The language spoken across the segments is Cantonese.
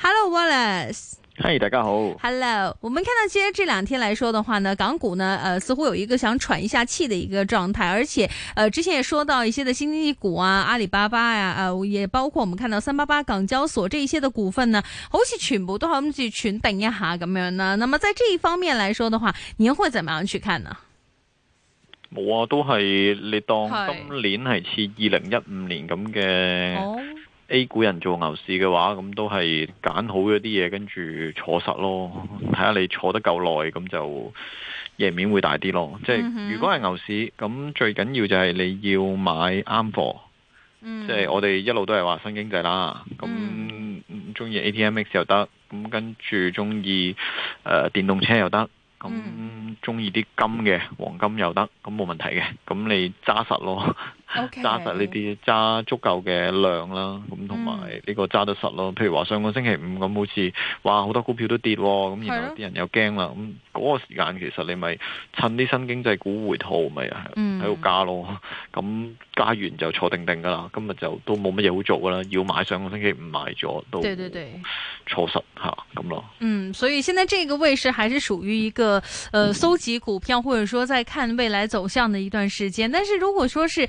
Hello Wallace，嗨，大家好。Hello，我們看到今天這兩天來說的話呢，港股呢，呃，似乎有一個想喘一下氣的一個狀態，而且，呃，之前也說到一些的新經濟股啊，阿里巴巴呀、啊，呃，也包括我們看到三八八港交所這些的股份呢，好似全部都諗住全等一下咁樣呢，那麼在這一方面來說的話，你會怎麼樣去看呢？冇啊，都係你當今年係似二零一五年咁嘅是。A 股人做牛市嘅話，咁都係揀好咗啲嘢，跟住坐實咯。睇下你坐得夠耐，咁就贏面會大啲咯。即係、mm hmm. 如果係牛市，咁最緊要就係你要買啱貨。Mm hmm. 即係我哋一路都係話新經濟啦，咁中意 A T M X 又得，咁跟住中意誒電動車又得，咁中意啲金嘅黃金又得，咁冇問題嘅，咁你揸實咯。揸實呢啲，揸 Okay. 足夠嘅量啦，咁同埋呢個揸得實咯。譬如話上個星期五咁，好似哇好多股票都跌，咁然後啲人又驚啦。咁嗰 個時間其實你咪趁啲新經濟股回吐，咪喺度加咯。咁、嗯、加完就坐定定噶啦。今日就都冇乜嘢好做噶啦，要買上個星期五買咗都錯實吓，咁咯。啊、嗯，所以現在這個位置還是屬於一個，誒、呃，搜集股票或者說在看未來走向嘅一段時間。但是如果說是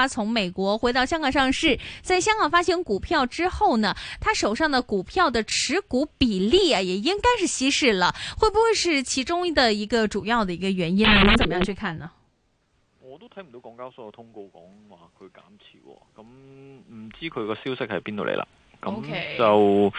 他從美國回到香港上市，在香港發行股票之後呢，他手上的股票的持股比例啊，也應該是稀釋了，會不會是其中的一個主要的一個原因呢？你怎麼樣去看呢？我都睇唔到港交所嘅通告講話佢減持、哦，咁、嗯、唔知佢個消息係邊度嚟啦？咁就，Okay.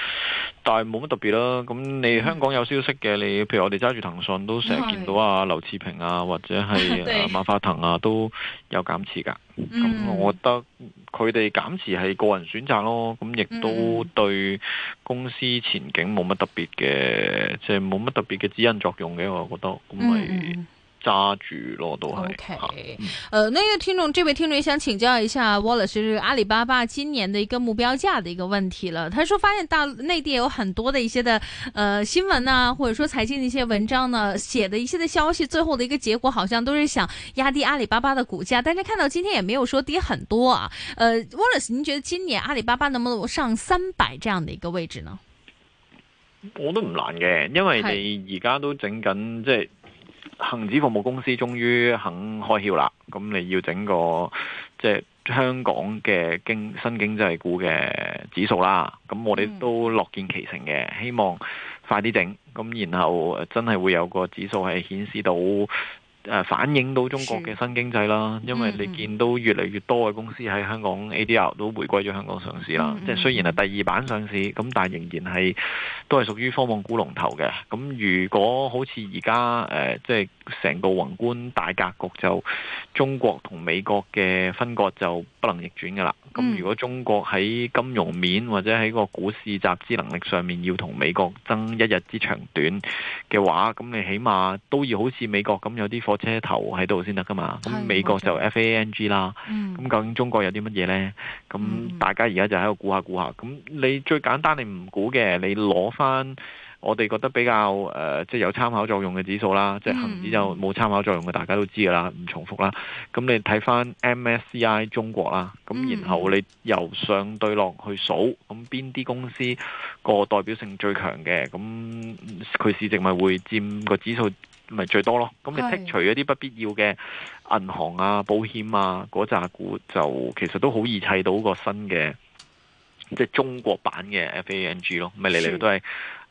但係冇乜特別啦。咁你香港有消息嘅，你譬如我哋揸住騰訊都成日見到啊，劉熾平啊，或者係、啊、馬化騰啊，都有減持㗎。咁我覺得佢哋減持係個人選擇咯。咁亦都對公司前景冇乜特別嘅，即係冇乜特別嘅指引作用嘅。我覺得咁咪。揸住咯，都係。O K，呃，那個聽眾，這位聽眾也想請教一下 Wallace，就是阿里巴巴今年的一個目標價的一個問題了。他說發現大陸內地有很多的一些的，呃，新聞啊，或者說財經的一些文章呢、啊，寫的一些的消息，最後的一個結果，好像都是想壓低阿里巴巴的股價。但是看到今天也沒有說跌很多啊。呃，Wallace，您覺得今年阿里巴巴能不能上三百這樣的一個位置呢？我都唔難嘅，因為你而家都整緊即係。是恒指服務公司終於肯開竅啦！咁你要整個，即係香港嘅經新經濟股嘅指數啦，咁我哋都樂見其成嘅，希望快啲整，咁然後真係會有個指數係顯示到。誒反映到中國嘅新經濟啦，因為你見到越嚟越多嘅公司喺香港 ADR 都回歸咗香港上市啦， 即係雖然係第二版上市，咁但係仍然係都係屬於科網股龍頭嘅。咁如果好似而家誒即係成個宏觀大格局就中國同美國嘅分割就不能逆轉噶啦。咁、嗯、如果中國喺金融面或者喺個股市集資能力上面要同美國爭一日之長短嘅話，咁你起碼都要好似美國咁有啲火車頭喺度先得㗎嘛。咁美國就 FAANG 啦，咁、嗯、究竟中國有啲乜嘢呢？咁大家而家就喺度估下估下。咁你最簡單你唔估嘅，你攞返。我哋覺得比較誒、呃，即係有參考作用嘅指數啦，嗯、即係恆指就冇參考作用嘅，大家都知噶啦，唔重複啦。咁你睇翻 MSCI 中國啦，咁、嗯、然後你由上對落去數，咁邊啲公司個代表性最強嘅，咁佢市值咪會佔個指數咪最多咯。咁你剔除一啲不必要嘅銀行啊、保險啊嗰扎股，就其實都好易砌到個新嘅，即係中國版嘅 FANG 咯，咪嚟嚟都係。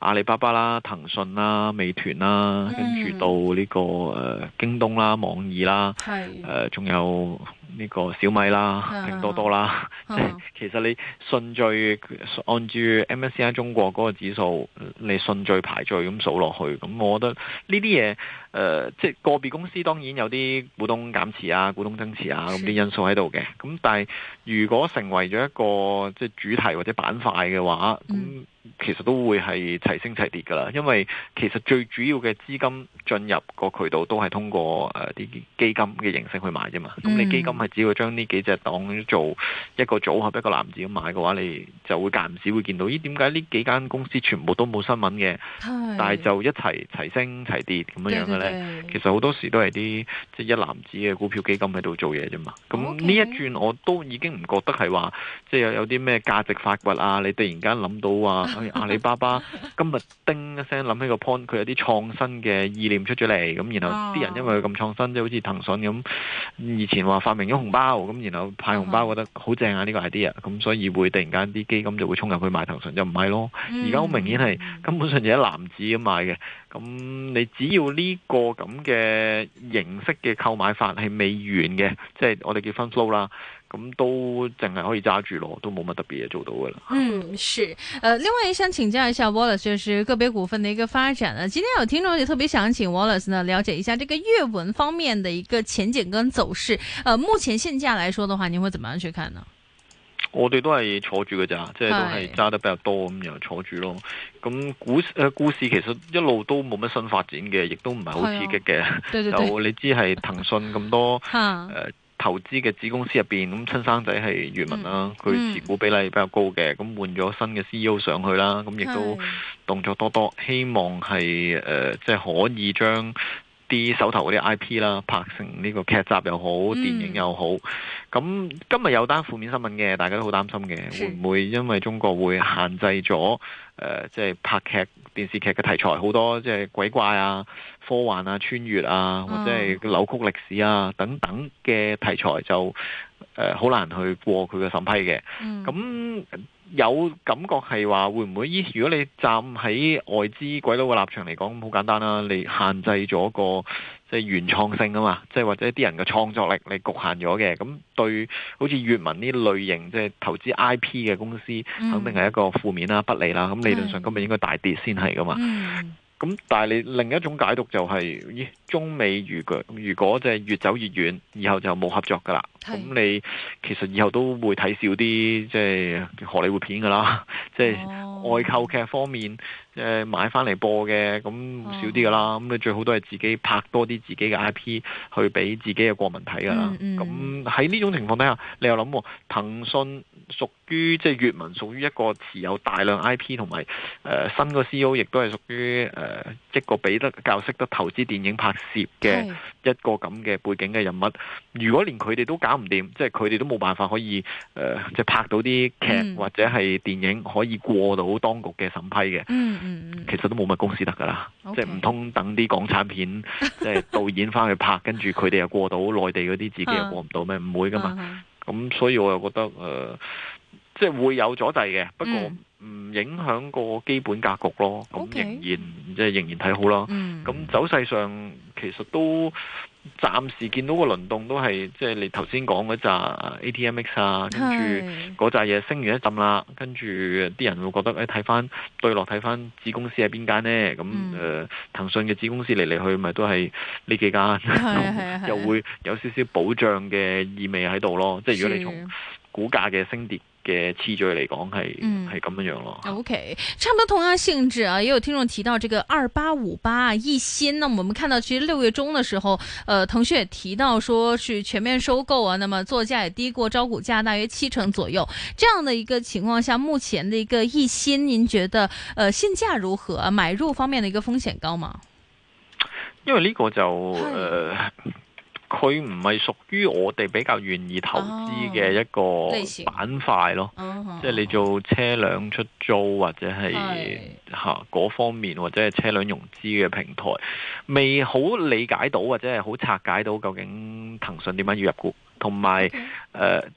阿里巴巴啦、騰訊啦、美團啦，跟住、嗯、到呢、呢個誒、呃、京東啦、網易啦，誒仲的、呃、有呢個小米啦、拼的多多啦。即係的 其實你順序按住 MSCI 中國嗰個指數，你順序排序咁數落去，咁、嗯、我覺得呢啲嘢誒，即係個別公司當然有啲股東減持啊、股東增持啊咁啲因素喺度嘅。咁的、嗯、但係如果成為咗一個即係主題或者板塊嘅話，咁、嗯。嗯其實都會係齊升齊跌噶啦，因為其實最主要嘅資金進入個渠道都係通過誒啲、呃、基金嘅形式去買啫嘛。咁、嗯、你基金係只會將呢幾隻檔做一個組合一個籃子咁買嘅話，你就會間唔時會見到咦？點解呢幾間公司全部都冇新聞嘅，是但係就一齊齊升齊跌咁樣樣嘅咧？其實好多時都係啲即係一籃子嘅股票基金喺度做嘢啫嘛。咁呢、嗯、一轉我都已經唔覺得係話即係有有啲咩價值發掘啊，你突然間諗到啊～ 哎、阿里巴巴今日叮一聲諗起個 point，佢有啲創新嘅意念出咗嚟，咁然後啲人因為佢咁創新，即係好似騰訊咁，以前話發明咗紅包，咁然後派紅包覺得好正啊，呢、這個係 idea，咁所以會突然間啲基金就會衝入去買騰訊，就唔係咯。而家好明顯係根本上就一籃子咁買嘅，咁你只要呢個咁嘅形式嘅購買法係未完嘅，即、就、係、是、我哋叫 fund flow 啦。咁都淨係可以揸住咯，都冇乜特別嘢做到噶啦。嗯，是。誒、呃，另外也想請教一下 Wallace，就是個別股份的一個發展啦、啊。今天有聽眾也特別想請 Wallace 呢，了解一下這個閱文方面的一個前景跟走勢。誒、呃，目前現價來說的話，你會怎麼樣去看呢？我哋都係坐住㗎咋，即係都係揸得比較多咁樣是坐住咯。咁股誒、呃，股市其實一路都冇乜新發展嘅，亦都唔係好刺激嘅。哦、對對對 就你知係騰訊咁多誒。 投資嘅子公司入邊，咁親生仔係閻文啦，佢持股比例比較高嘅，咁、嗯、換咗新嘅 CEO 上去啦，咁亦都動作多多，希望係誒即係可以將啲手頭嗰啲 IP 啦，拍成呢個劇集又好，嗯、電影又好。咁今日有單負面新聞嘅，大家都好擔心嘅，會唔會因為中國會限制咗？誒、呃，即、就、係、是、拍劇電視劇嘅題材，好多即係、就是、鬼怪啊、科幻啊、穿越啊，或者係扭曲歷史啊等等嘅題材就。誒，好、呃、難去過佢嘅審批嘅。咁、嗯、有感覺係話會唔會？依如果你站喺外資鬼佬嘅立場嚟講，好簡單啦，你限制咗一個即係原創性啊嘛，即係或者啲人嘅創作力你局限咗嘅。咁對，好似閱文呢類型即係投資 IP 嘅公司，嗯、肯定係一個負面啦、不利啦。咁理論上今日應該大跌先係㗎嘛。嗯嗯咁、嗯、但係你另一種解讀就係、是，中美如果如果即係越走越遠，以後就冇合作噶啦。咁是、嗯、你其實以後都會睇少啲即係荷里活片噶啦，即係、哦、外購劇方面。誒，買翻嚟播嘅，咁少啲噶啦。咁你、哦、最好都係自己拍多啲自己嘅 I P，去俾自己嘅國民睇噶啦。咁喺呢種情況底下，你又諗，騰訊屬於即係閱文，屬、就、於、是、一個持有大量 I P 同埋誒、呃、新嘅 CEO，亦都係屬於誒一個比得較識得投資電影拍攝嘅一個咁嘅背景嘅人物。是如果連佢哋都搞唔掂，即係佢哋都冇辦法可以誒，即、呃、係拍到啲劇、嗯、或者係電影可以過到當局嘅審批嘅。嗯嗯其實都冇乜公司得噶啦，即係唔通等啲港產片，即係導演翻去拍，跟住佢哋又過到內地嗰啲，自己又過唔到咩？唔 會噶嘛。咁 所以我又覺得誒、呃，即係會有阻滯嘅，不過唔影響個基本格局咯。咁仍然 Okay. 即係仍然睇好咯。咁 走勢上其實都。暫時見到個輪動都係，即係你頭先講嗰扎 ATMX 啊，跟住嗰扎嘢升完一陣啦，跟住啲人會覺得，誒睇翻對落睇翻子公司係邊間呢？嗯，咁誒、嗯呃、騰訊嘅子公司嚟嚟去，咪都係呢幾間，又會有少少保障嘅意味喺度咯。即係如果你從股價嘅升跌嘅次序嚟講係係咁樣樣咯。OK，差唔多同樣性質啊，也有聽眾提到這個二八五八易鑫、啊。那我們看到其實六月中的時候，呃，騰訊也提到說是全面收購啊，那麼作價也低過招股價大約七成左右。這樣的一個情況下，目前的一個易鑫，您覺得呃現價如何、啊？買入方面的一個風險高嗎？因為呢個就誒。太 呃 佢唔係屬於我哋比較願意投資嘅一個板塊咯，嗯嗯嗯，即係你做車輛出租或者係吓嗰方面或者係車輛融資嘅平台，未好理解到或者係好拆解到究竟騰訊點樣要入股，同埋誒，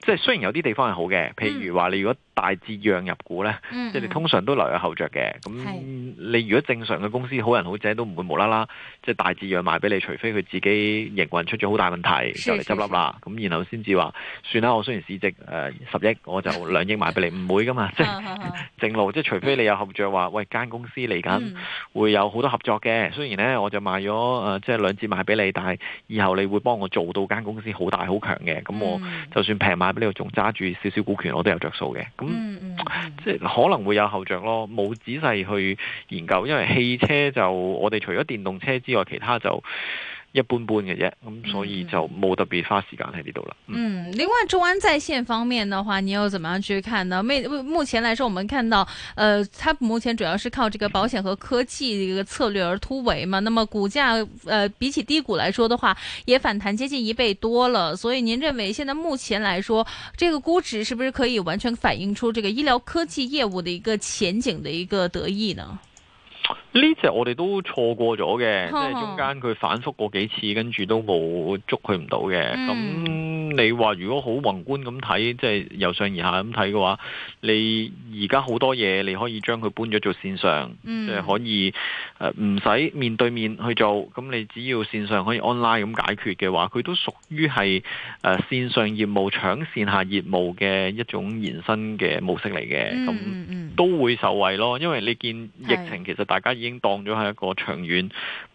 即係雖然有啲地方係好嘅，譬如話你如果，嗯。大折讓入股呢，嗯嗯即係你通常都留有後着嘅。咁你如果正常嘅公司，好人好姐都唔會無啦啦，即係大折讓賣俾你，除非佢自己營運出咗好大問題，就嚟執笠啦。咁、嗯嗯、然後先至話，算啦，我雖然市值誒十億，我就兩億賣俾你，唔會噶嘛。即係、嗯嗯、 正路，即係除非你有後著話，喂，間公司嚟緊會有好多合作嘅。雖然呢，我就賣咗誒，即係兩折賣俾你，但係以後你會幫我做到間公司好大好強嘅。咁我就算平賣俾你，我仲揸住少少股權，我都有着數嘅。咁即係可能會有後著囉，冇仔細去研究，因為汽車就我哋除咗電動車之外，其他就。一般般嘅啫，咁、嗯、所以就冇特別花時間喺呢度啦。嗯，嗯，另外中安在線方面的話，你又怎麼樣去看呢？目目前來說，我們看到，呃，它目前主要是靠這個保險和科技的一個策略而突圍嘛。那麼股價，誒、呃，比起低谷來說的話，也反彈接近一倍多了。所以您認為現在目前來說，這個估值是不是可以完全反映出這個醫療科技業務的一個前景的一個得意呢？呢隻我哋都錯過咗嘅，即係、嗯嗯、中間佢反覆過幾次，跟住都冇捉佢唔到嘅。咁、嗯嗯、你話如果好宏觀咁睇，即、就、係、是、由上而下咁睇嘅話，你而家好多嘢你可以將佢搬咗做綫上，即係、嗯、可以誒唔使面對面去做。咁你只要綫上可以 online 咁解決嘅話，佢都屬於係誒綫上業務搶綫下業務嘅一種延伸嘅模式嚟嘅。咁都會受惠咯，因為你見疫情，疫情其實大家已經當咗係一個長遠，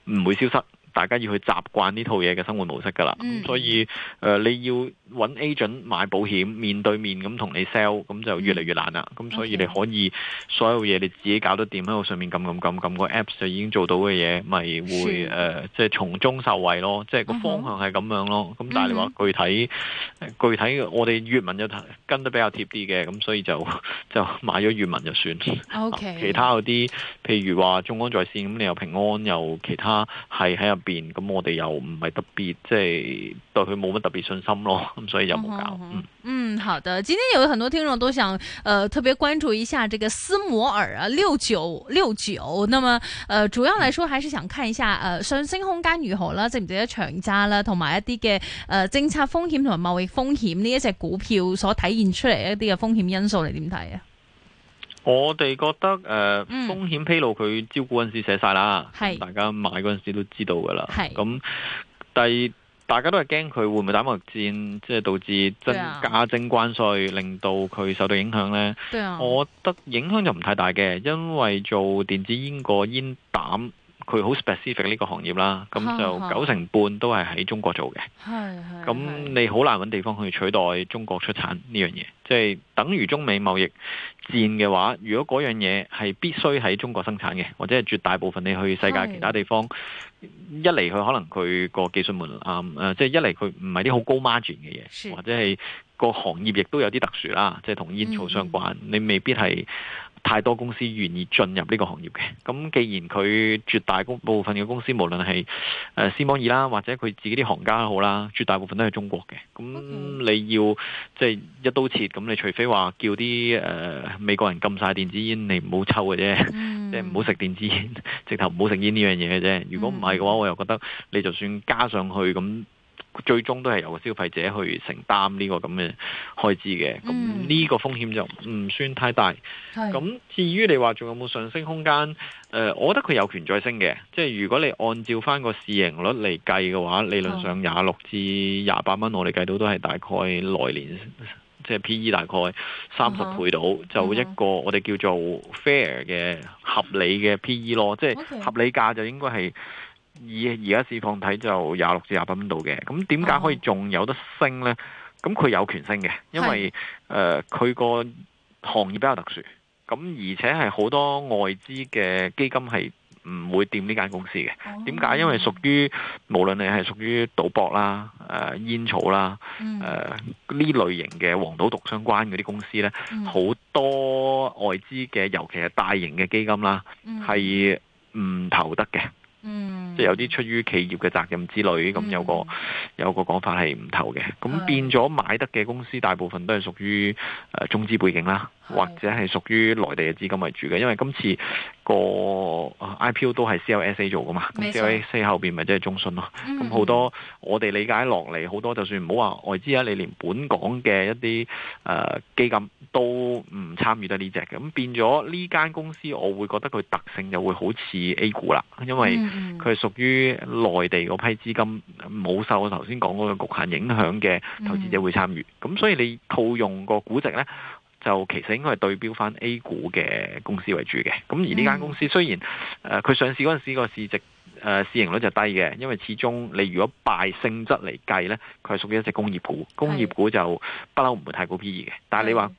唔會消失。大家要去習慣呢套嘢嘅生活模式㗎啦，嗯、所以誒、呃、你要揾 agent 買保險，面對面咁同你 sell，咁就越嚟越難啦。咁、嗯嗯、所以你可以所有嘢你自己搞得掂喺個上面按按按，咁咁咁咁個 apps 就已經做到嘅嘢，咪會誒即係從中受惠咯。即係個方向係咁樣咯。咁但係你話具體具體，具體我哋粵文就跟得比較貼啲嘅，咁所以就就買咗粵文就算、嗯 okay，啊。其他嗰啲譬如話眾安在線，咁你又平安又其他係喺入。咁我哋又唔係特別即係對佢冇乜特別信心咯，咁所以又冇搞。嗯，好的。今天有很多聽眾都想，呃，特別關注一下這個斯摩爾啊，六九六九。那麼，呃，主要來說還是想看一下，呃，上升空間如何啦，值唔值得長揸啦，同埋一啲嘅，呃，政策風險同埋貿易風險，呢一隻股票所體現出嚟一啲嘅風險因素，你點睇啊？我哋覺得誒、呃嗯、風險披露佢招股嗰陣時寫曬啦，大家買嗰陣時都知道噶啦。咁但係大家都係驚佢會唔會打貿易戰，即、就、係、是、導致增加徵關稅，啊、令到佢受到影響咧。啊、我覺得影響就唔太大嘅，因為做電子煙過煙膽。佢好 specific 呢個行業啦，咁就九成半都係喺中國做嘅。係咁 你好難揾地方去取代中國出產呢樣嘢，即係等於中美貿易戰嘅話，如果嗰樣嘢係必須喺中國生產嘅，或者係絕大部分你去世界其他地方， 一嚟佢可能佢個技術門啊，呃，即係一嚟佢唔係啲好高 margin 嘅嘢，是或者係個行業亦都有啲特殊啦，即係同煙草相關， 嗯、你未必係太多公司願意進入呢個行業嘅，咁既然佢絕大部分嘅公司，無論係誒思摩爾啦，或者佢自己啲行家都好啦，絕大部分都係中國嘅，咁你要即係、就是、一刀切，咁你除非話叫啲誒、呃、美國人禁晒電子煙，你唔好抽嘅啫，即係唔好食電子煙，直頭唔好食煙呢樣嘢嘅啫。如果唔係嘅話，我又覺得你就算加上去咁。最終都係由消費者去承擔呢個咁嘅開支嘅，咁呢、嗯、個風險就唔算太大。咁是至於你話仲有冇上升空間？誒、呃，我覺得佢有權再升嘅。即係如果你按照翻個市盈率嚟計嘅話，理論上廿六至廿八蚊，我哋計到都係大概來年即係、就是、P E 大概三十倍度，嗯、哼就一個我哋叫做 fair 嘅合理嘅 P E 咯，嗯、哼即係合理價就應該係。而而家市況睇就廿六至廿八蚊度嘅，咁點解可以仲有得升呢？咁佢有權升嘅，因為誒佢個行業比較特殊，咁而且係好多外資嘅基金係唔會掂呢間公司嘅。點解、哦？因為屬於無論你係屬於賭博啦、誒、呃、煙草啦、誒呢、嗯呃、類型嘅黃賭毒相關嗰啲公司呢，好、嗯、多外資嘅，尤其係大型嘅基金啦，係唔、嗯、投得嘅。嗯。即有啲出於企業嘅責任之類，咁有個、嗯、有個講法係唔投嘅，咁變咗買得嘅公司大部分都係屬於誒中資背景啦，是或者係屬於內地嘅資金為主嘅。因為今次個 IPO 都係 CLSA 做噶嘛，CLSA 後邊咪即係中信咯。咁好、嗯、多我哋理解落嚟，好多就算唔好話外資啊，你連本港嘅一啲誒、呃、基金都唔參與得呢隻嘅。咁變咗呢間公司，我會覺得佢特性就會好似 A 股啦，因為佢係屬於內地嗰批資金冇受我頭先講嗰個局限影響嘅投資者會參與，咁、嗯、所以你套用個估值呢，就其實應該係對標翻 A 股嘅公司為主嘅。咁而呢間公司雖然佢、呃、上市嗰陣時個市值、呃、市盈率就低嘅，因為始終你如果拜性質嚟計呢，佢係屬於一隻工業股，工業股就不嬲唔會太高 P E 嘅。但係你話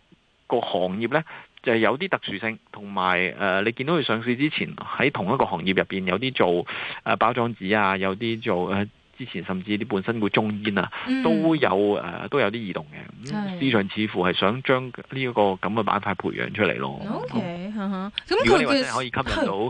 個行業呢。就係有啲特殊性，同埋誒，你見到佢上市之前喺同一個行業入邊有啲做誒、呃、包裝紙啊，有啲做誒、呃，之前甚至啲本身會中煙啊，嗯、都有誒、呃，都有啲異動嘅。咁、嗯、的市場似乎係想將呢、這、一個咁嘅板塊培養出嚟咯。Okay. 嗯啊、如果你話真係可以吸引到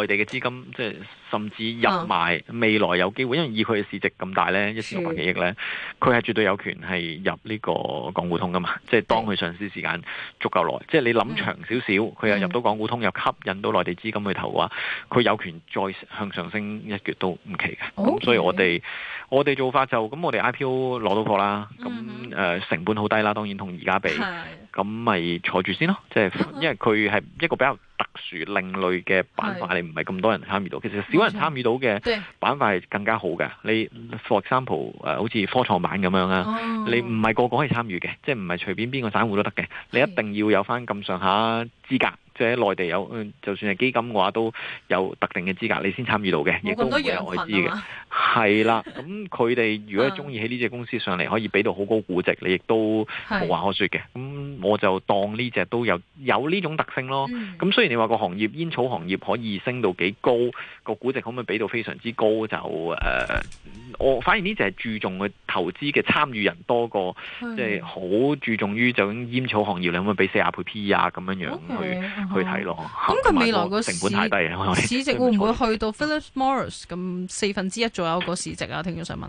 內地嘅資金，嗯、即係甚至入埋未來有機會，因為以佢嘅市值咁大呢，一千六百幾億呢，佢係絕對有權係入呢個港股通噶嘛。即係當佢上市時間足夠耐，即係你諗長少少，佢、嗯、又入到港股通，嗯、又吸引到內地資金去投嘅話，佢有權再向上升一橛都唔奇嘅。咁、嗯、所以我哋我哋做法就咁，我哋 IPO 攞到貨啦。咁誒、嗯呃、成本好低啦，當然同而家比。嗯咁咪坐住先咯，即係因為佢係一個比較特殊另類嘅板塊，你唔係咁多人參與到。其實少人參與到嘅板塊係更加好嘅。你，for example，誒、呃，好似科創板咁樣啊，哦、你唔係個個可以參與嘅，即係唔係隨便邊個散戶都得嘅，你一定要有翻咁上下資格。即係喺內地有，嗯、就算係基金嘅話，都有特定嘅資格，你先參與到嘅，亦都唔會有外資嘅。係啦， 咁佢哋如果中意喺呢隻公司上嚟，可以俾到好高估值，你亦都無話可説嘅。咁是、嗯、我就當呢隻都有有呢種特性咯。咁、嗯、雖然你話個行業煙草行業可以升到幾高，個估值可唔可以俾到非常之高？就誒、呃，我反而呢隻係注重嘅投資嘅參與人多過，即係好注重於究竟煙草行業你可唔可以俾四廿倍 PE 咁樣樣去。嗯嗯嗯 嗯、去睇咯。咁佢未來個成本太低，市值會唔會去到 Philip Morris 咁 四分之一左右個市值啊？聽咗想問。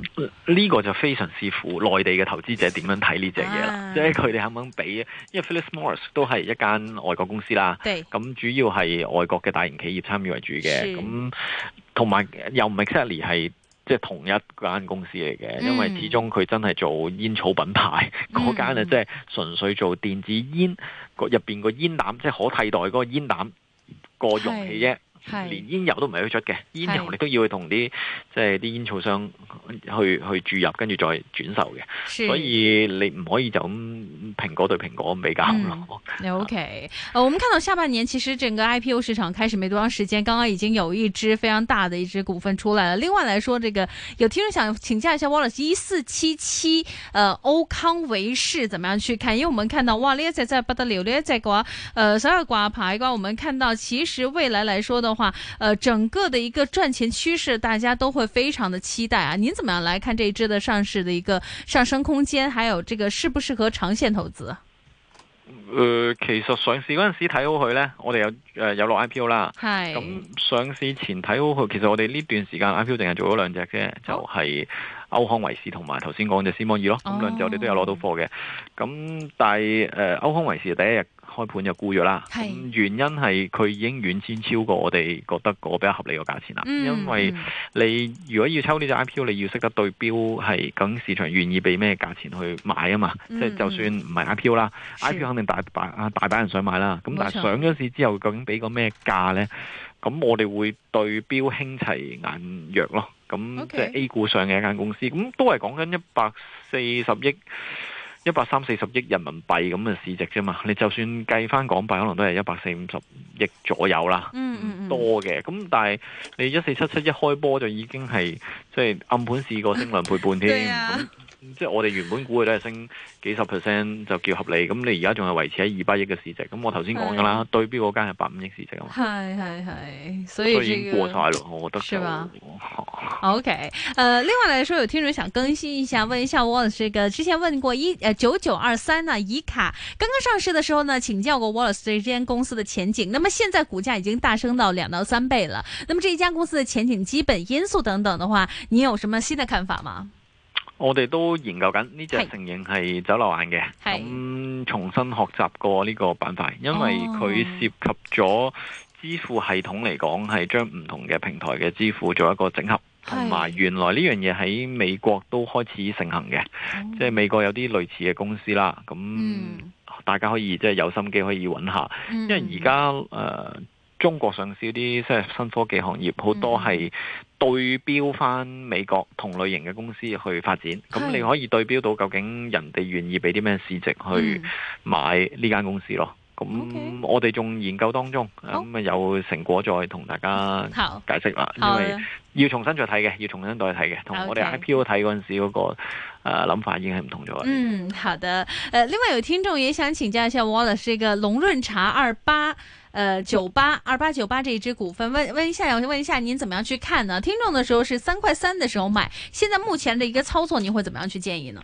呢個就非常之苦，非常視乎。內地嘅投資者點樣睇呢隻嘢啦，啊、即係佢哋肯唔肯俾？因為 Philip Morris 都係一間外國公司啦，咁對主要係外國嘅大型企業參與為主嘅，咁同埋又唔係 exactly 係。即係同一間公司嚟嘅，因為始終佢真係做煙草品牌嗰間啊，即係純粹做電子煙入邊個煙膽，即係可替代嗰個煙膽個容器啫。 連煙油都唔係佢出嘅，煙油你都要去同啲即係啲煙草商去去注入，跟住再轉售嘅。是所以你唔可以就咁蘋果對蘋果比較好咯。嗯、 o、okay. K，呃，我們看到下半年其實整個 I P O 市場開始沒多長時間，剛剛已經有一支非常大的一支股份出來了。另外來說，這個有聽眾想請教一下王老師，一四七七，呃，歐康維視，怎麼樣去看？因為我們看到哇，呢一隻真係不得了，呢一隻嘅話，呃，所有掛牌嘅話，我們看到其實未來來說的。話、呃，整個的一個賺錢趨勢，大家都會非常的期待啊！您怎麼樣來看這一隻的上市的一個上升空間，還有這個適不適合長線投資？呃、其實上市嗰陣時睇好佢咧，我哋有誒、呃、有落 IPO 啦。係。咁上市前睇好佢，其實我哋呢段時間 IPO 淨係做咗兩隻嘅，好就係、是。歐康維視同埋頭先講隻思摩爾咯，咁兩、哦、者我哋都有攞到貨嘅。咁、哦、但係誒、歐、呃、康維視第一日開盤就沽咗啦。是原因係佢已經遠先超過我哋覺得個比較合理嘅價錢啦。嗯、因為你如果要抽呢隻 IPO，你要識得對標係，咁市場願意俾咩價錢去買啊嘛。嗯、即係就算唔係 IPO 啦，IPO 肯定大大啊大把人想買啦。咁錯但係上咗市之後，究竟俾個咩價呢？咁我哋會對標興齊眼藥咯。咁 Okay. 即係 A 股上嘅一間公司，咁都係講緊一百四十億、一百三四十億人民幣咁嘅市值啫嘛。你就算計翻港幣，可能都係一百四五十億左右啦，嗯嗯嗯多嘅。咁但係你一四七七一開波就已經係即係暗盤試過升兩倍半添。 了 即係我哋原本估佢都係升幾十 percent 就叫合理，咁你而家仲係維持喺二百億嘅市值，咁我頭先講噶啦，哎、對標嗰間係百五億市值啊嘛。係係係，哎、所以這個、所以已經過晒咯。我覺得。是吧 ？OK，誒、呃，另外來說，有聽眾想更新一下，問一下 Wallace，這個之前問過一九九二三啊，移、呃、卡、e、剛剛上市的時候呢，請教過 Wallace 這間公司的前景，那麼現在股價已經大升到兩到三倍了，那麼這一家公司的前景、基本因素等等的話，你有什麼新的看法嗎？我哋都研究緊，呢隻承認係走漏眼嘅，咁是重新學習過呢個板塊，因為佢涉及咗支付系統嚟講，係將唔同嘅平台嘅支付做一個整合，同埋是原來呢樣嘢喺美國都開始盛行嘅，即係、哦、美國有啲類似嘅公司啦，咁、嗯、大家可以即係、就是、有心機可以揾下，嗯嗯因為而家誒。呃中國上市啲即係新科技行業，好多係對標翻美國同類型嘅公司去發展。咁的你可以對標到究竟人哋願意俾啲咩市值去買呢間公司咯。咁、嗯、Okay. 我哋仲研究當中，咁、嗯、啊、oh. 有成果再同大家解釋啦。Oh. Oh. 因為要重新再睇嘅，要重新再睇嘅，同我哋 IPO 睇嗰陣時嗰、那個誒諗、呃、法已經係唔同咗。嗯，好的。誒、呃，另外有聽眾也想請教一下 Wallace 一個龍潤茶二八、呃，誒九八二八九八這一支股份，問問一下，我要問一下，問一下您怎麼樣去看呢？聽眾的時候是三塊三的時候買，現在目前的一個操作，你會怎麼樣去建議呢？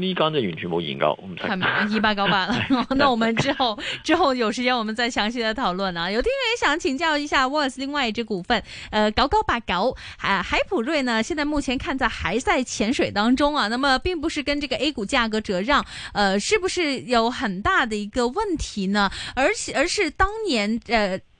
呢間就完全冇研究，我唔睇。看吧，一八九八了，那我們之後 之後有時間，我們再詳細的討論啊。有聽友也想請教一下沃斯另外一隻股份，呃，九九八九，啊，海普瑞呢？現在目前看在還在潛水當中啊。那麼，並不是跟這個 A 股價格折讓，呃，是不是有很大的一個問題呢？而且，而是當年呃。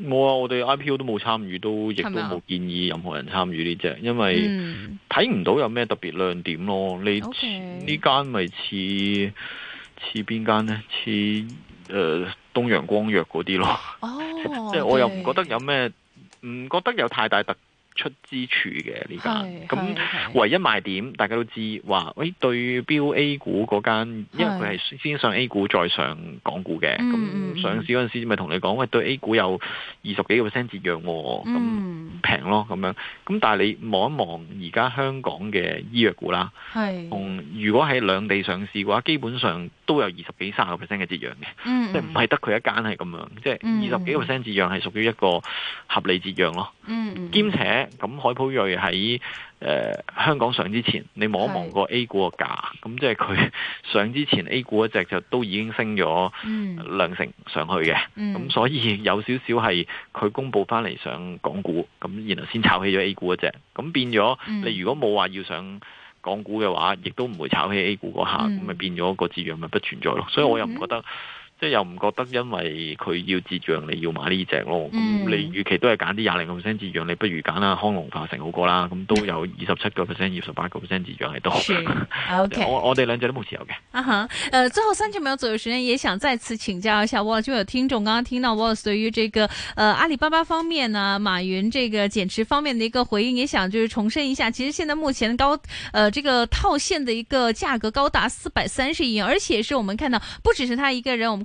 冇啊！我哋 IPO 都冇參與都亦都冇建議任何人參與呢隻，因為睇唔到有咩特別亮點咯。你 Okay. 呢呢間咪似似邊間咧？似誒、呃、東陽光藥啲咯。 oh, okay. 即係我又唔覺得有咩，唔覺得有太大特點。出之處嘅呢間，咁唯一賣點，大家都知話，誒、哎、對標 A 股嗰間，因為佢係先上 A 股再上港股嘅，咁是上市嗰陣時咪同你講，喂，對 A 股有二十幾個 percent 折讓喎，咁平、哦、是咯咁樣，咁但係你望一望而家香港嘅醫藥股啦，嗯是，如果喺兩地上市嘅話，基本上，都有二十幾、三十個 percent 嘅折讓嘅，嗯嗯即係唔係得佢一間係咁樣，嗯、即係二十幾個 percent 折讓係屬於一個合理折讓咯。兼、嗯嗯、且咁海普瑞喺誒、呃、香港上之前，你望一望個 A 股個價，咁是即係佢上之前 A 股一隻就都已經升咗、嗯呃、兩成上去嘅。咁、嗯、所以有少少係佢公佈翻嚟上港股，咁然後先炒起咗 A 股一隻，咁變咗你如果冇話要上。嗯嗯嗯港股嘅話亦都唔會炒起 A 股嗰下，咁咪、嗯、變咗個字樣，咪不存在咯，所以我又唔覺得。嗯即係又唔覺得，因為佢要折讓，你要買呢隻咯。咁你與其都係揀啲廿零個 percent 折讓，你不如揀啦康龍化成好過啦。咁都有二十七個 percent、二十八個 percent 折讓喺度。O、okay、K， 我我哋兩隻都冇持有嘅。啊哈，誒、呃，最後三十秒左右時間，也想再次請教一下 Wall Street 嘅聽眾。剛剛聽到 Wall 對於這個，誒、呃，阿里巴巴方面呢、啊，馬雲這個減持方面的一個回應，也想就是重申一下。其實現在目前高，誒、呃，這個套現的一個價格高達四百三十億，而且是我們看到，不只是他一個人，我們。